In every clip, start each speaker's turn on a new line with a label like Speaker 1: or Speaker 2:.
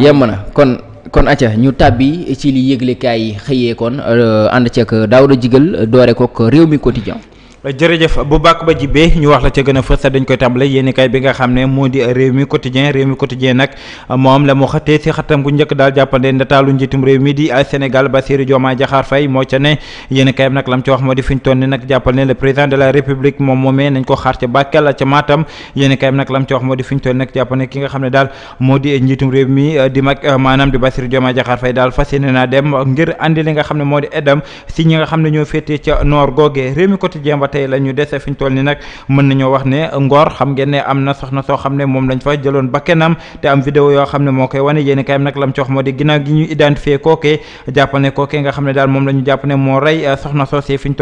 Speaker 1: yemm na kon kon acca ñu tàbbi ci li yëglekaay yi xëyee kon euh, ànd ceeg Daouda jigal doore kook réew mi quotidien jërëjëf bu bàkk ba jibee ñu wax la ca gën a fës dañ koy tàmbale yéeni bi nga xam ne moo di réew mi quotidien réew mi quotidien nag moom la mu xëtee si daal jàppande ndetaalu njiitum réew mi di Sénégal Bassirou Diomaye Diakhar Faye moo ca ne yéeni kay nag lam ci wax moo di fi ñu toll ni nag jàppal ne le président de la république moom moomee nañ ko xaar ca Bakel ca Matam yéeni kay nag lam ci wax moo di fi ñu toll nag jàppal ne ki nga xam ne daal moo di njiitum réew mi di mag euh, maanaam di Bassirou Diomaye Diakhar Faye daal fas naa dem ngir nga xam ne moo di edam xam ne ñoo féetee ca noor googee réew tey la ñu dese fi ñu toll ni nag mën nañoo wax ne Ngor xam ngeen ne am na soxna soo xam ne moom lañ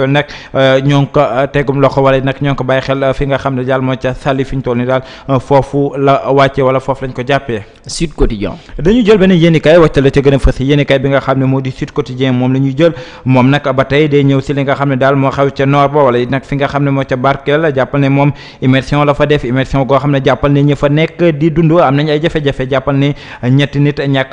Speaker 1: la ñu jàpp la wàcce wala foofu lañ ko jàppee Sud Quotidien dañu jël benn yéeni a moom la ba tey day ñëw si li nga xam ne daal moo xew ca noor ba wala nag fi nga xam ne moo ca barkeel jàppal ne moom immersion la fa def immersion goo xam ne jàppal ne ñi fa nekk di dund am nañ ay jafe-jafe jàppal ne ñetti nit ñàkk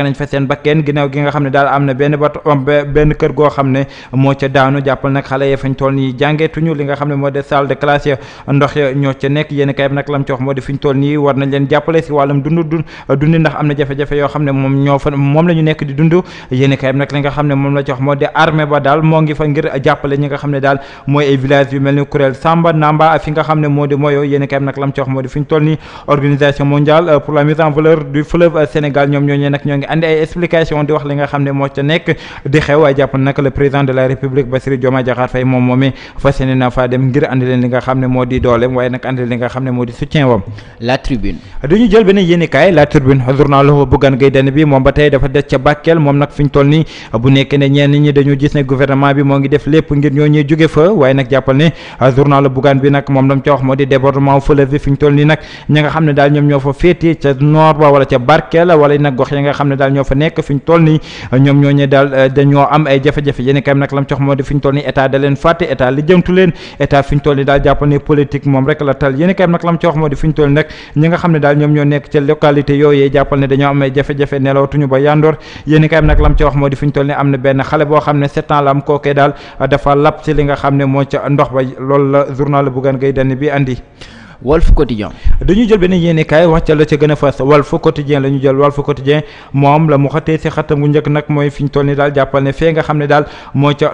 Speaker 1: gi nga xam ne daal am na benn bato benn kër goo xam ne moo ca daanu jàppal nag xale ya fañ toll nii jàngeetuñu li nga xam ne moo de salle de classe ya ndox ya ñoo ca nekk yéen kay nag lam ci wax moo di fi ñu toll nii war nañ leen jàppale si wàllum dund dund dundi ndax am na jafe-jafe yoo xam ne moom ñoo fa moom la ñu nekk di dund yéen kay nag li nga xam ne moom la ci wax moo di armée ba daal moo ngi fa ngir jàppale ñi nga xam ne daal mooy ay village yu mel ne kuréel Samba Namba fi nga xam ne moo di mooyo yéen a kaay lam ci wax moo di fi ñu toll ni organisation mondiale euh, pour la mise en valeur du fleuve euh, Sénégal ñoom ñooñee nag ñoo ngi andi ay explication di wax li nga xam ne moo ca nekk di xew waaye jàpp nag le président de la république Bassirou Diomaye Diakhar Faye moom moomee fas yéene na faa dem ngir andi leen li nga xam ne moo di dooleem waaye nag andi li nga xam ne moo di soutien wam la Euh, journal Bougane bi nag moom lam ca wax moo di débordement bi nag ne daal ñoo fa féetee ca ne daal ñoo fa nekk fi ñu toll nii euh, ñoom ñooñu daal euh, dañoo am ay jafe-jafe leen fàtte état lijjantu leen état fi ñu toll nii daal jàppal ne politique moom rek la tal yéen kam nag lam ca wax moo di fi ñu toll nii ne daal ñoom ñoo nekk ca localité yooyee jàppal am na benn xale boo xam ne sept ans la am kookee daal dafa lap ci li nga xam ne moo ca ndox ba loolu la la Bougane gay Dany bi andi Walf Quotidien dañuy jël benn yéenekaay wax ca la ca gën a fas Walf Quotidien la ñu jël Walf Quotidien moom la mu xatee si xatam gu njëkk nag mooy fi ñu ni daal jàppal ne fee nga xam ne daal moo ki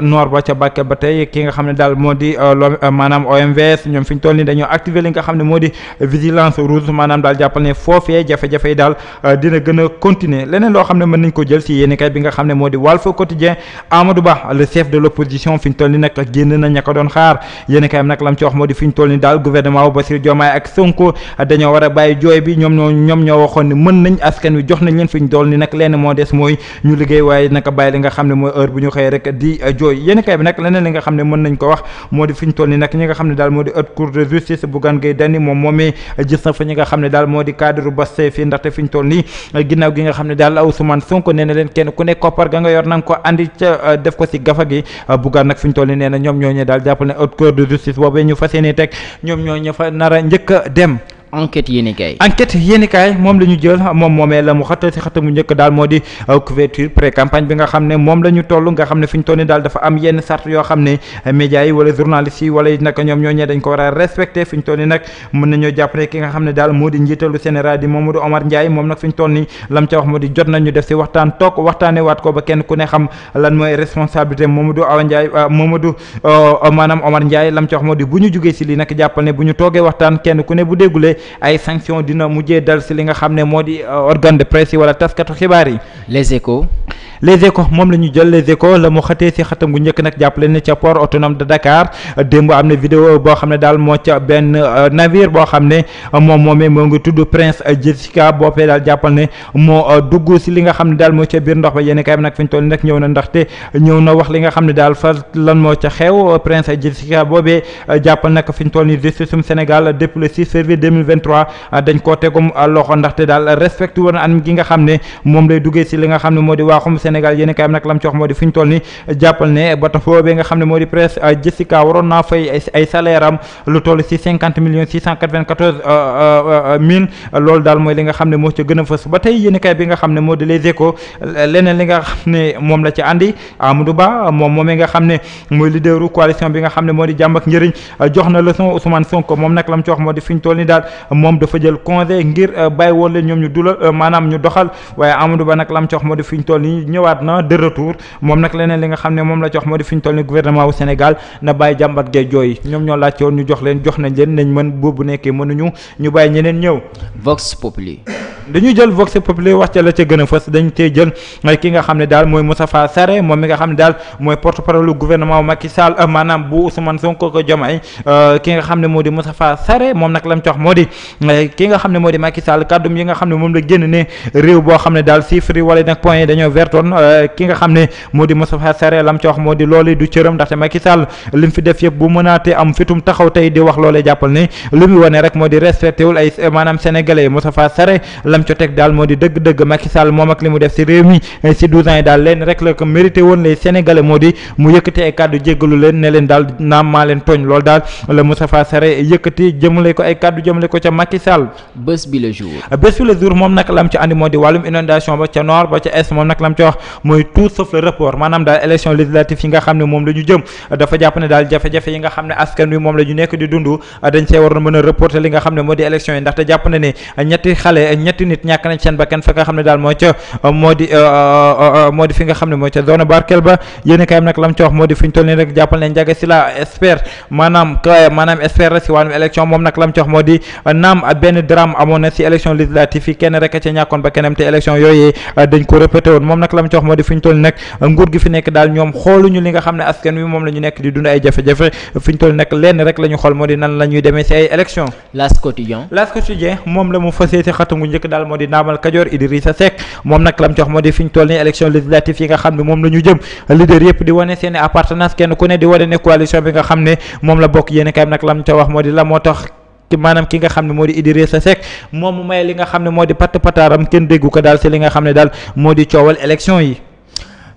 Speaker 1: nga xam ne daal moo di euh, euh, maanaam OMVS ñoom fi ñu toll ni dañoo activé li nga xam ne moo di vigilance rouge maanaam daal jàppal ne foofee jafe-jafe yi daal euh, dina gën a continuer leneen loo xam ne mën nañ ko jël si yéenekaay bi nga xam ne moo di Walf Quotidien Amadou Ba le chef de l'opposition Diomaye ak Sonko dañoo war a bàyyi jooy bi ñoom ñoo waxoon mën nañ askan wi jox nañ leen fi ñu dool ni nag lenn moo des mooy ñu liggéey waaye naka bàyyi li nga xam ne mooy heure bu ñu xëyee rek di jooy yéen kay bi nag leneen li nga xam ne mën nañ ko wax moo di fi ñu toll ni nag ñu nga xam ne daal Ousmane Sonko nee na leen kenn ku ne koppar ga nga yor na ko andi euh, def ko si gafa gi Bougane nag fi ñu toll nii nee na ñoom ñooñu daal jàppal ne haute njëkk a dem enquête yéenekaay enquête yéenekaay moom la jël moom moomee la mu xat si xat mu njëkk daal moo di euh, couverture pré campagne bi nga xam ne moom la ñu nga xam ne fi ñu toll nii euh, nag a mën nañoo jàpp ki nga xam ne daal moo di njiitalu général di Mamadou Omar Ndiaye moom nag fi ñu toll nii lam ca wax moo di jot nañu def si waxtaan toog waxtaane waat ko ba kenn ku ne xam lan mooy responsabilité Mamadou Awa Ndiaye euh, Mamadou Omar Ndiaye lam ca wax moo di bu ñu jugee si lii nag ay sanction dina mujjee dal si li nga xam ne moo di euh, organe de presse yi wala taskatu xibaar yi les échos les échos moom la ñu jël les échos la mu xatee si xatam gu njëkk nag jàppale ne ca port autonome de Dakar démb am na vidéo boo xam ne daal moo ca benn euh, navire boo xam ne euh, moom moomee moo ngi tudd Prince Jessica boppee daal jàppal ne moo dugg si li nga xam ne daal moo ca biir ndox ba yéen kay nag fi ñu toll nag ñëw na ndaxte ñëw na wax li nga xam ne daal fa lan moo ca xew Prince Jessica boobee 2023 ah, dañ koo tegum ah, loxo ndaxte daal respecté woon anam gi nga xam ne moom lay duggee si li nga xam ne moo di waaxum Sénégal yéen kaayam nag lam ci wax moo di fi ñu toll ni jàppal ne ba tax boobee nga xam ne moo di presse ah, Jessica waroon naa fay ay salaire am lu toll si cinquante millions six cent quatre-vingt-quatorze mille loolu daal mooy li nga xam ne moo ca gën a fës ba tey yéen kaay bi nga xam ne moo di les échos leneen li nga xam ne moom la ci àndi Amadou Ba moom moomee nga xam ne mooy leaderu coalition bi nga xam ne moo di jàmm ak njëriñ jox na leçon Ousmane Sonko moom nag lam ci wax moo di fi ñu toll ni daal moom dafa jël congé ngir euh, bàyyi woon leen ñoom ñu dula euh, maanaam ñu doxal waaye Amadou Ba nag lam ci wax moo di fi ñu toll nii ñëwaat na de retour moom nag leneen li nga xam ne moom la ci wax moo di fi ñu toll nii gouvernement wu Sénégal na bàyyi jàmbat gee jooy ñoom ñoo laajte woon ñu jox leen jox nañ leen nañ mën boobu nekkee mënuñu ñu bàyyi ñeneen ñëw. Vox Populi. dañuy jël Vox Populi wax ca la ca gën a fës dañ cee jël ki nga xam ne daal mooy Moustapha Sarré moom mi nga xam ne daal mooy porte-parole du gouvernement Macky Sall euh, maanaam bu Ousmane Sonko ko Diomaye ki nga xam ne moo di Moustapha Sarré moom nag lam ci wax di ki nga xam ne moo di Macky Sall kàddum yi nga xam ne moom la génn ne réew boo xam ne daal chiffre wala nag point yi dañoo vertoon euh, ki nga xam ne moo di Moustapha Sarr lam wax moo di loolu du cëram ndaxte Macky Sall li mu fi def yëpp bu mënaatee am fitum taxaw tey di wax loolee jàppal ne moo di respecté wul ay euh, maanaam sénégalais Moustapha lam co daal moo di dëgg-dëgg Macky Sall moom ak li mu def si réew mi si euh, 12 ans yi daal leen rek la ko mérité woon les sénégalais moo di mu yëkkati ay kàddu jéggalu leen ne leen daal naam maa leen tooñ loolu daal la Moustapha Sarr yëkkati jëmale ko ay kàddu jëmale ko ca Macky Sall. bés bi le jour. bés bi le jour moom nag lam ci andi moo di wàllum inondation ba ca nord ba ca est moom nag lam ci wax mooy tout sauf le report maanaam daal élection législative yi nga xam ne moom la ñu jëm dafa jàpp ne daal jafe-jafe yi nga xam ne askan wi moom la ñu nekk di dund dañ see waroon mën a reporter li nga xam ne moo di élection yi ndaxte jàpp na ne ñetti xale ñetti nit ñàkk nañ seen bakkan fa nga xam ne daal moo ca moo di euh, euh, euh, moo di fi nga xam ne moo ca zone Barkel ba yéen kayam nag lam ci wax moo di fi ñu toll nii rek jàppal ne njaga si la expert maanaam maanaam expert la si wàllum élection moom nag lam ci wax moo di naam benn drame amoon na si élection législative yi kenn rek ca ñàkkoon ba keneen te élection yooyee euh, dañ ko répété woon moom nag la mu ci wax moo di fi ñu toll nag euh, nguur gi fi nekk xam ne askan wi moom la ñu nekk di dund ay jafe-jafe fi ñu toll rek la xool moo di nan ñuy demee si ay élection L'As quotidien L'As quotidien moom la mu fasee si xatam gu njëkk daal moo di naamal Kajoor Idrissa nii élection législative yi nga xam ne moom la ñu jëm leader yëpp di wane seeni appartenance kenn ku ne di wane ne coalition bi nga xam ne moom la bokk yéen kay nag la ca wax moo di la moo tax te maanaam ki nga xam ne moo di Idrissa Seck moom mu may li nga xam ne moo di patt pataaram kenn déggu ko daal si li nga xam ne daal moo di coowal élection yi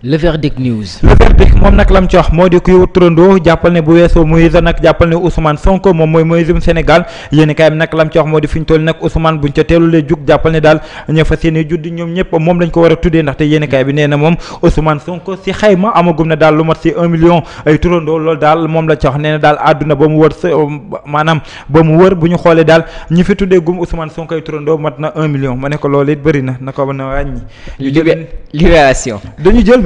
Speaker 1: Le Verdict News. Le Verdict moom nag lam ci wax moo di kuy wut turandoo jàppal ne bu weesoo Moïse nag jàppal ne Ousmane Sonko moom mooy Moïsum Sénégal yéen i kaay nag lam ci wax moo di fi ñu toll nag Ousmane buñ ca teelulee jug jàppal daal ña fa seen i judd ñoom ñëpp moom lañ ko war a tuddee ndaxte yéen i kaay bi nee na moom Ousmane Sonko si xayma na daal lu mat si un million ay turandoo loolu daal moom la ci wax nee na daal àdduna ba mu wër sa maanaam ba mu wër bu ñu xoolee daal ñi fi tuddee gum Ousmane Sonko ay turandoo mat na un million ma ne ko loolu it bëri na na ko mën a wàññi libération dañu jël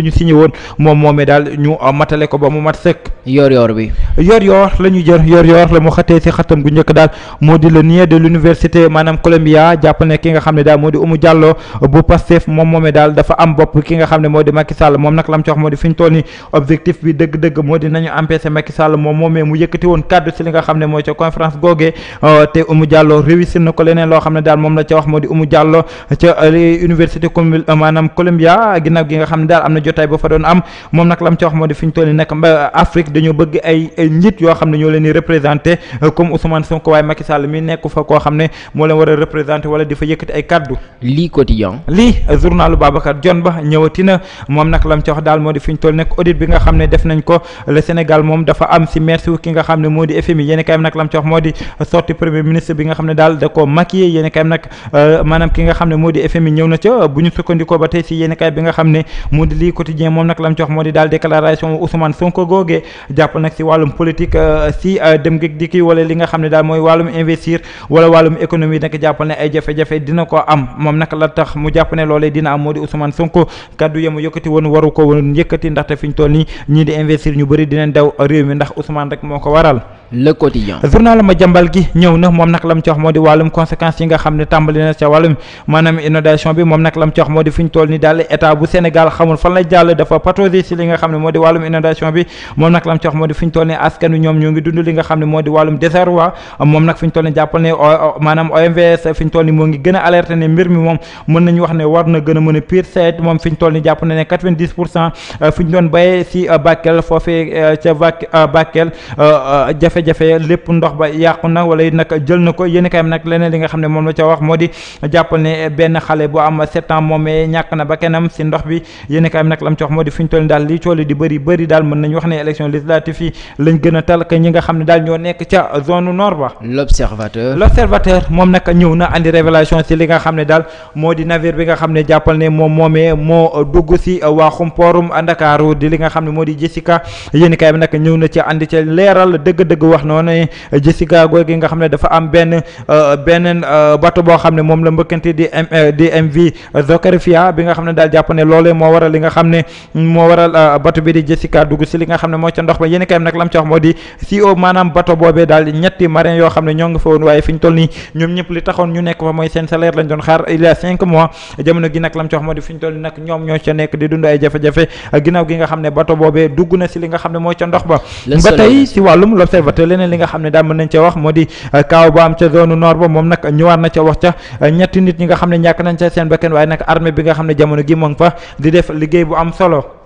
Speaker 1: lu ñu signé woon moom moomee daal ñu uh, matale ko ba mu mat sëkk. yor yor bi. yor yor la ñu yor yor la mu xatee si xatam gu njëkk daal moo di le nier de l'université maanaam Columbia jàpp ne ki nga xam ne daal moom la ca wax moo di Oumou Diallo ca uh, université commune uh, maanaam Columbia ginnaaw gi nga xam ne daal am na jotaay ba fa doon am moom nag lam ci wax moo di fi ñu toll nii Afrique dañoo bëgg ay njiit yoo xam ne ñoo leen di représenté euh, comme Ousmane Sonko waaye Macky mi nekk fa a ko xam ne moo di FMI yéeni kayam da koo maquillé yéeni kayam nag euh, maanaam ki nga xam ne moo di FMI ñëw na ca bu ñu sukkandikoo ba tey si yéeni bi nga xam ne moo di lii quotidien moom nag la mu ci wax moo di daal déclaration Ousmane Sonko googee jàpp nag si wàllum politique euh, si euh, dem gi dikki wala li nga xam ne daal mooy wàllum investir wala wàllum économie nag jàpp ne ay jafe dina ko am moom nag la tax mu jàpp ne loolee dina moo di Ousmane Sonko kaddu yamu yëkkati woon waru ko woon yëkkati ndaxte fi ñu toll nii ñii di investir ñu bëri dina daw réew mi ndax Ousmane rek moo ko waral le quotidien journal Madiambal gi ñëw na moom nag lam ci wax moo di wàllum conséquences yi nga xam ne tàmbali na ca wàllum maanaam inondation bi moom nag lam moo di fi ñu ni daal état bu Sénégal xamul fan la jàll dafa patauger si li nga xam ne moo di wàllum inondation bi moom nag lam ci moo di fi ñu ni askan wi ñoom ñoo ngi dund li nga xam ne moo di wàllum désarroi moom nag fi ñu ni jàppal ne maanaam OMVS fi ñu ni moo ngi gën a ne mbir mi moom mën nañu wax ne war na gën a mën a pire seet moom fi ñu toll ni jàpp na ne 90 pour cent euh, fi doon béyee si jafe-jafe ya lépp ndox ba yàqu na wala it nag jël na ko yéen kayam nag leneen li nga xam ne moom la ca wax moo di jàppal ne benn xale bu am sept na ba li cooli di ne élection législative a tal ne daal ñoo nekk ca moom moo di navire bi nga moom moo dugg si waaxum poorum Ndakaaru di li nga xam ne moo di Jessica yéen kayam nag ñëw na ci andi ca leeral dëgg-dëgg wax noonu ji Chicago gi nga xam ne dafa am benn euh, benn euh, bato boo xam ne moom la mbëkkante di euh, di MV Zocarifia bi nga xam ne daal jàpp ne loolee moo waral li nga xam ne moo waral bato bi di Jessica li nga xam ne moo ndox ba yéen kayam nag lam ca wax moo di e boobee daal ñetti marin yoo xam ne ñoo nga fa woon waaye fi ñu toll nii ñoom ñëpp li taxoon ñu nekk fa mooy seen salaire lañ doon xaar il a cinq mois jamono gi nag lam ca wax moo di fi toll nii nag ñoom ñoo ca nekk di dund ay jafe-jafe ginnaaw gi nga xam ne bato boobee dugg na si li nga xam ne moo ca ndox ba leneen li nga xam ne daal mën nañ ca wax moo di euh, kaaw ba am ca zone nord ba moom nag ñëwaat na ca wax ca euh, ñetti nit ñi nga xam ne ñàkk nañ ca seen bakkan waaye nag arme bi nga xam ne jamono gi moo ngi fa di def liggéey bu am solo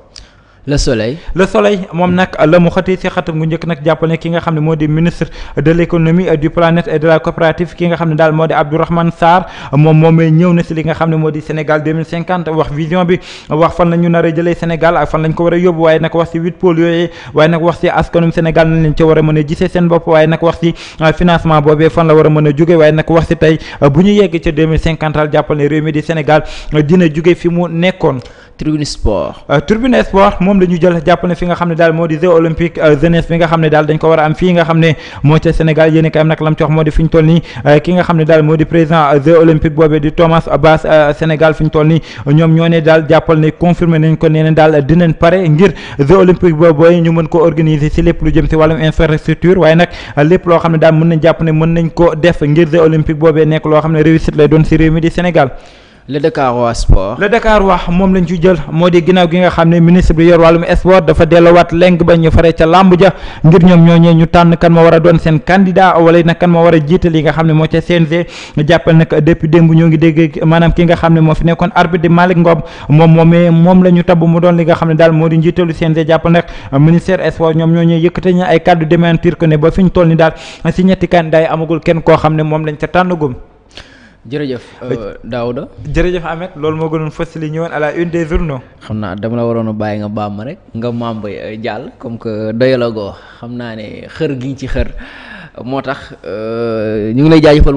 Speaker 1: le soleil le soleil moom nag la mu xëti si xatam gu njëkk nag jàppale ne ki nga xam ne moo di ministre de l' économie du planète de la coopérative ki nga xam ne daal moo di Abdourahmane Sarr moom moomee ñëw na si li nga xam ne moo di Sénégal 2050 wax vision bi wax fan la ñu nar a jëlee Sénégal ak fan lañ ko war a yóbbu waaye nag wax si huit pôles yooyu waaye nag wax si askanum Sénégal na leen ci war a mën a gisee seen bopp waaye nag wax si euh, financement boobee fan war a mën a jóge waaye wax si tey euh, bu ñu yegg ca 2050 daal jàppal ne réew mi di Sénégal euh, dina jóge fi mu nekkoon Tribune Sport. Euh, tribune Sport moom la ñu jël jàpp ne fi nga xam ne daal moo di Jeux olympiques jeunesse bi nga xam ne daal dañ ko war a am fii nga xam ne moo ca Sénégal yéen kay am nag lam ci moo di fi ñu toll nii euh, ki nga xam ne daal moo di président euh, Jeux olympiques boobee di Thomas Bass Sénégal fi ñu toll nii ñoom ñoo ne daal jàppal ne confirmé nañ ko nee na daal dinañ pare ngir Jeux olympiques boobee ñu mën ko organiser si lépp lu jëm si wàllum infrastructure waaye nag lépp loo xam ne daal mën nañ jàpp ne mën nañ ko def ngir Jeux olympiques nekk loo xam ne réussite lay doon si réew mi di Sénégal le Dakarois sport. le Dakarois moom lañ ci jël moo di ginnaaw gi nga xam ne ministre bi yor wàllum sport dafa delluwaat leng ba ñu fare ca làmb ja ngir ñoom ñooñee ñu tànn kan ma war a doon seen candidat wala nag kan ma war a jiital yi nga xam ne moo ca CNG jàppal nag depuis démb ñoo ngi dégg maanaam ki nga xam ne moo fi nekkoon arbitre di Malick Ngom moom moom la ñu tabb mu doon li nga xam ne daal moo di njiitalu CNG jàppal nag ministère sport ñoom ñooñee yëkkate ñu ay kàddu démentir que ne ba fi ñu toll ni daal si ñetti candidat kenn koo xam ne moom lañ ca tànnagum jërëjëf euh, Daouda. jërëjëf Ahmed loolu moo gënoon fës li ñëwoon à la une des journaux. xam naa dama la waroon a bàyyi nga baam ma rek nga maam ba euh, jàll comme que doyalagoo xam naa ne xër gi ci xër moo tax euh, ñu ngi lay jaajëfal.